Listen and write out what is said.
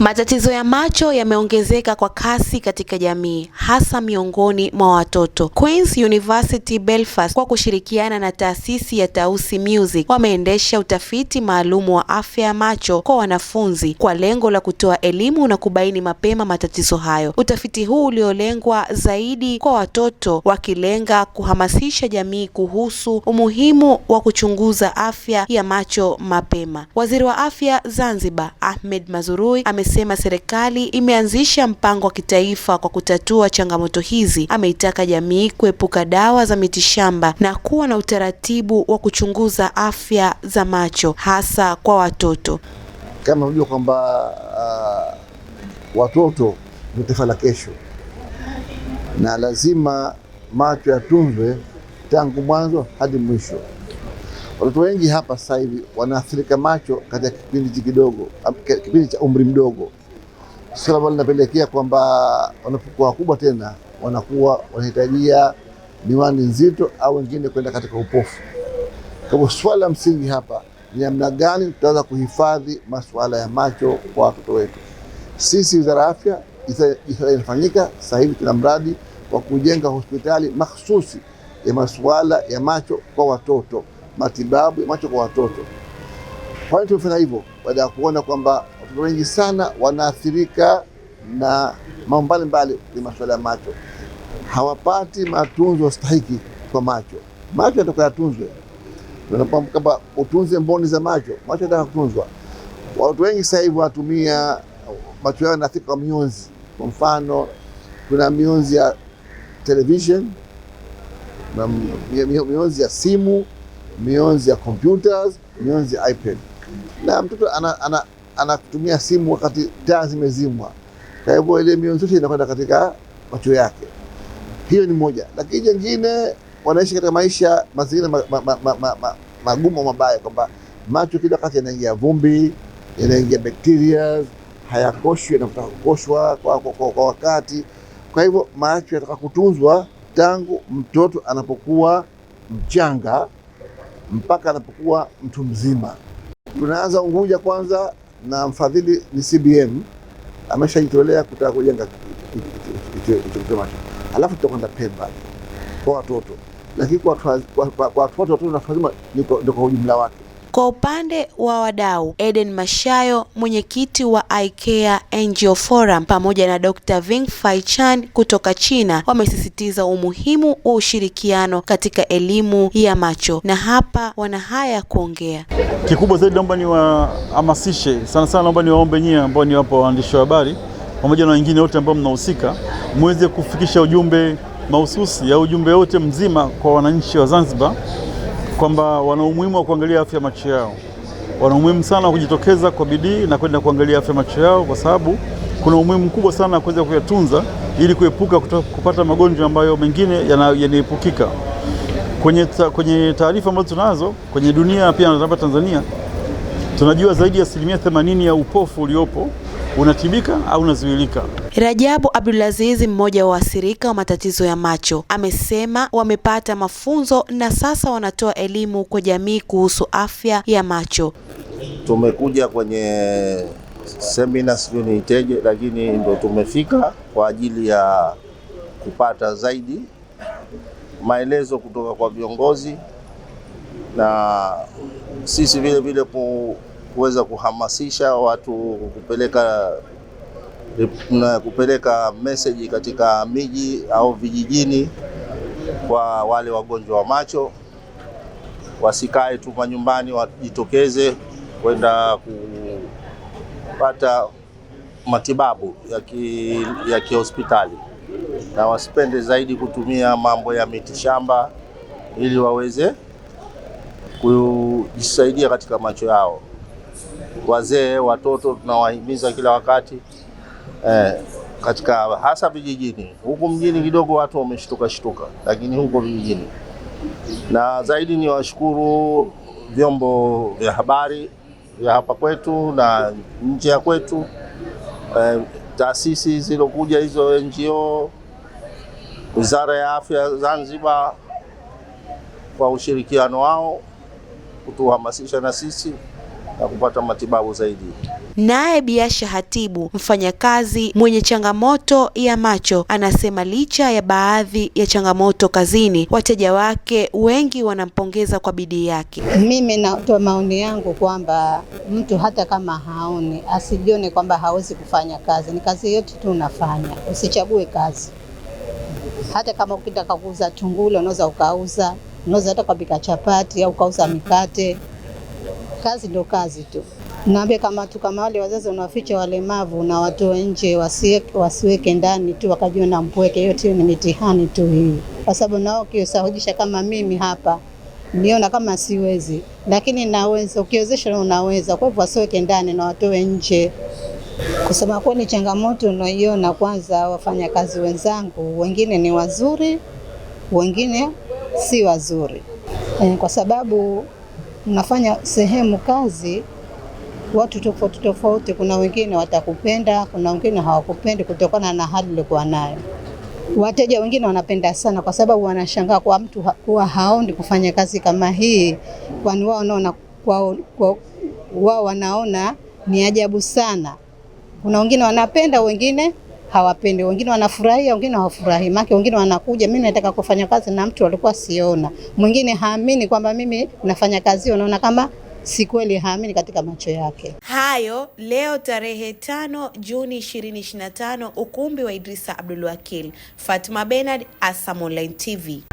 Matatizo ya macho yameongezeka kwa kasi katika jamii hasa miongoni mwa watoto. Queen's University Belfast kwa kushirikiana na taasisi ya Tausi Music wameendesha utafiti maalumu wa afya ya macho kwa wanafunzi kwa lengo la kutoa elimu na kubaini mapema matatizo hayo. Utafiti huu uliolengwa zaidi kwa watoto wakilenga kuhamasisha jamii kuhusu umuhimu wa kuchunguza afya ya macho mapema. Waziri wa Afya Zanzibar, Ahmed Mazrui ame amesema serikali imeanzisha mpango wa kitaifa kwa kutatua changamoto hizi. Ameitaka jamii kuepuka dawa za mitishamba na kuwa na utaratibu wa kuchunguza afya za macho hasa kwa watoto. Kama unajua kwamba uh, watoto ni taifa la kesho na lazima macho yatunzwe tangu mwanzo hadi mwisho. Watoto wengi hapa sasa hivi wanaathirika macho katika kipindi hiki kidogo, kipindi cha umri mdogo, suala ambalo linapelekea kwamba wanapokuwa wakubwa tena wanakuwa wanahitajia miwani nzito au wengine kwenda katika upofu. Kwa hivyo swala la msingi hapa ni namna gani tutaweza kuhifadhi masuala ya macho kwa watoto wetu. Sisi wizara ya afya jitihada inafanyika sasa hivi, tuna mradi wa kujenga hospitali mahsusi ya masuala ya macho kwa watoto matibabu ya macho kwa watoto. Kwa nini tumefanya hivyo? Baada ya kuona kwamba watoto wengi sana wanaathirika na mambo mbalimbali ni masuala ya macho, hawapati matunzo stahiki kwa macho. Macho yanataka yatunzwe, kwamba utunze mboni za macho, macho yanataka kutunzwa. Watu wengi sasa hivi wanatumia macho yao yanaathirika kwa mionzi. Kwa mfano, kuna mionzi ya television na mionzi ya simu mionzi ya computers, mionzi ya iPad, na mtoto anakutumia ana, ana simu wakati taa zimezimwa, kwa hivyo ile mionzi yote inakwenda katika macho yake. Hiyo ni moja, lakini jengine wanaishi katika maisha mazingira ma, ma, ma, ma, ma, ma, mabaya, kwamba macho kila wakati yanaingia vumbi, yanaingia bakteria, hayakoshwi yanataka kukoshwa kwa, kwa, kwa, kwa wakati. Kwa hivyo macho yanataka kutunzwa tangu mtoto anapokuwa mchanga mpaka anapokuwa mtu mzima. Tunaanza Unguja kwanza na mfadhili ni CBM ameshajitolea kutaka kujenga kitu, alafu tutakwenda Pemba kwa watoto, lakini kwa watoto watoto na lazima ndio kwa ujumla wake. Kwa upande wa wadau, Eden Mashayo, mwenyekiti wa IKEA NGO Forum, pamoja na Dr. Fai Chan kutoka China wamesisitiza umuhimu wa ushirikiano katika elimu ya macho, na hapa wana haya ya kuongea. Kikubwa zaidi, naomba niwahamasishe sana sana, naomba niwaombe nyie ambao ni wapo waandishi wa habari pamoja na wengine wote ambao mnahusika muweze kufikisha ujumbe mahususi ya ujumbe wote mzima kwa wananchi wa Zanzibar kwamba wana umuhimu wa kuangalia afya ya macho yao, wana umuhimu sana wa kujitokeza kwa bidii na kwenda kuangalia afya ya macho yao, kwa sababu kuna umuhimu mkubwa sana wa kuweza kuyatunza ili kuepuka kupata magonjwa ambayo mengine yanaepukika. Kwenye, ta, kwenye taarifa ambazo tunazo kwenye dunia pia hapa Tanzania tunajua zaidi ya asilimia 80 ya upofu uliopo unatibika au unazuilika. Rajabu Abdulaziz, mmoja wa waathirika wa matatizo ya macho, amesema wamepata mafunzo na sasa wanatoa elimu kwa jamii kuhusu afya ya macho. Tumekuja kwenye semina, sijui niiteje, lakini ndo tumefika kwa ajili ya kupata zaidi maelezo kutoka kwa viongozi na sisi vile vile ku kuweza kuhamasisha watu kupeleka na kupeleka meseji katika miji au vijijini kwa wale wagonjwa wa macho, wasikae tu manyumbani, wajitokeze kwenda kupata matibabu ya kihospitali na wasipende zaidi kutumia mambo ya miti shamba ili waweze kujisaidia katika macho yao wazee, watoto tunawahimiza kila wakati eh, katika hasa vijijini. Huku mjini kidogo watu wameshtuka shtuka, lakini huko vijijini na zaidi. Ni washukuru vyombo vya habari vya hapa kwetu na nje ya kwetu eh, taasisi zilokuja hizo NGO, Wizara ya Afya Zanzibar kwa ushirikiano wao kutuhamasisha na sisi na kupata matibabu zaidi. Naye Biasha Hatibu, mfanyakazi mwenye changamoto ya macho, anasema licha ya baadhi ya changamoto kazini, wateja wake wengi wanampongeza kwa bidii yake. Mimi natoa maoni yangu kwamba mtu hata kama haoni asijione kwamba hawezi kufanya kazi. Ni kazi yote tu unafanya, usichague kazi. Hata kama ukitaka kuuza tungule unaweza ukauza, unaweza hata ukapika chapati au ukauza mikate kazi ndo kazi tu. Naambia kama tu kama wale wazazi wanawaficha walemavu na watu nje wasiweke ndani tu wakajua na mpweke, yote hiyo ni mitihani tu hii, kwa sababu nao kiusahujisha kama mimi hapa niona kama siwezi, lakini naweza, ukiwezesha unaweza. Kwa hivyo wasiweke ndani na watoe nje. Kusema kweli, changamoto unaiona kwanza, wafanyakazi wenzangu wengine ni wazuri, wengine si wazuri, eh, kwa sababu unafanya sehemu kazi, watu tofauti tofauti, kuna wengine watakupenda, kuna wengine hawakupendi kutokana na hali uliokuwa nayo. Wateja wengine wanapenda sana, kwa sababu wanashangaa kwa mtu kuwa haondi kufanya kazi kama hii, kwani wao wanaona kwa, kwa, wao wanaona ni ajabu sana. Kuna wengine wanapenda, wengine hawapendi, wengine wanafurahia, wengine hawafurahi. Maana wengine wanakuja, mimi nataka kufanya kazi na mtu alikuwa siona, mwingine haamini kwamba mimi nafanya kazi, unaona kama si kweli, haamini katika macho yake. Hayo leo tarehe tano Juni 2025, ukumbi wa Idrisa Abdul Wakil. Fatma Bernard, ASAM Online TV.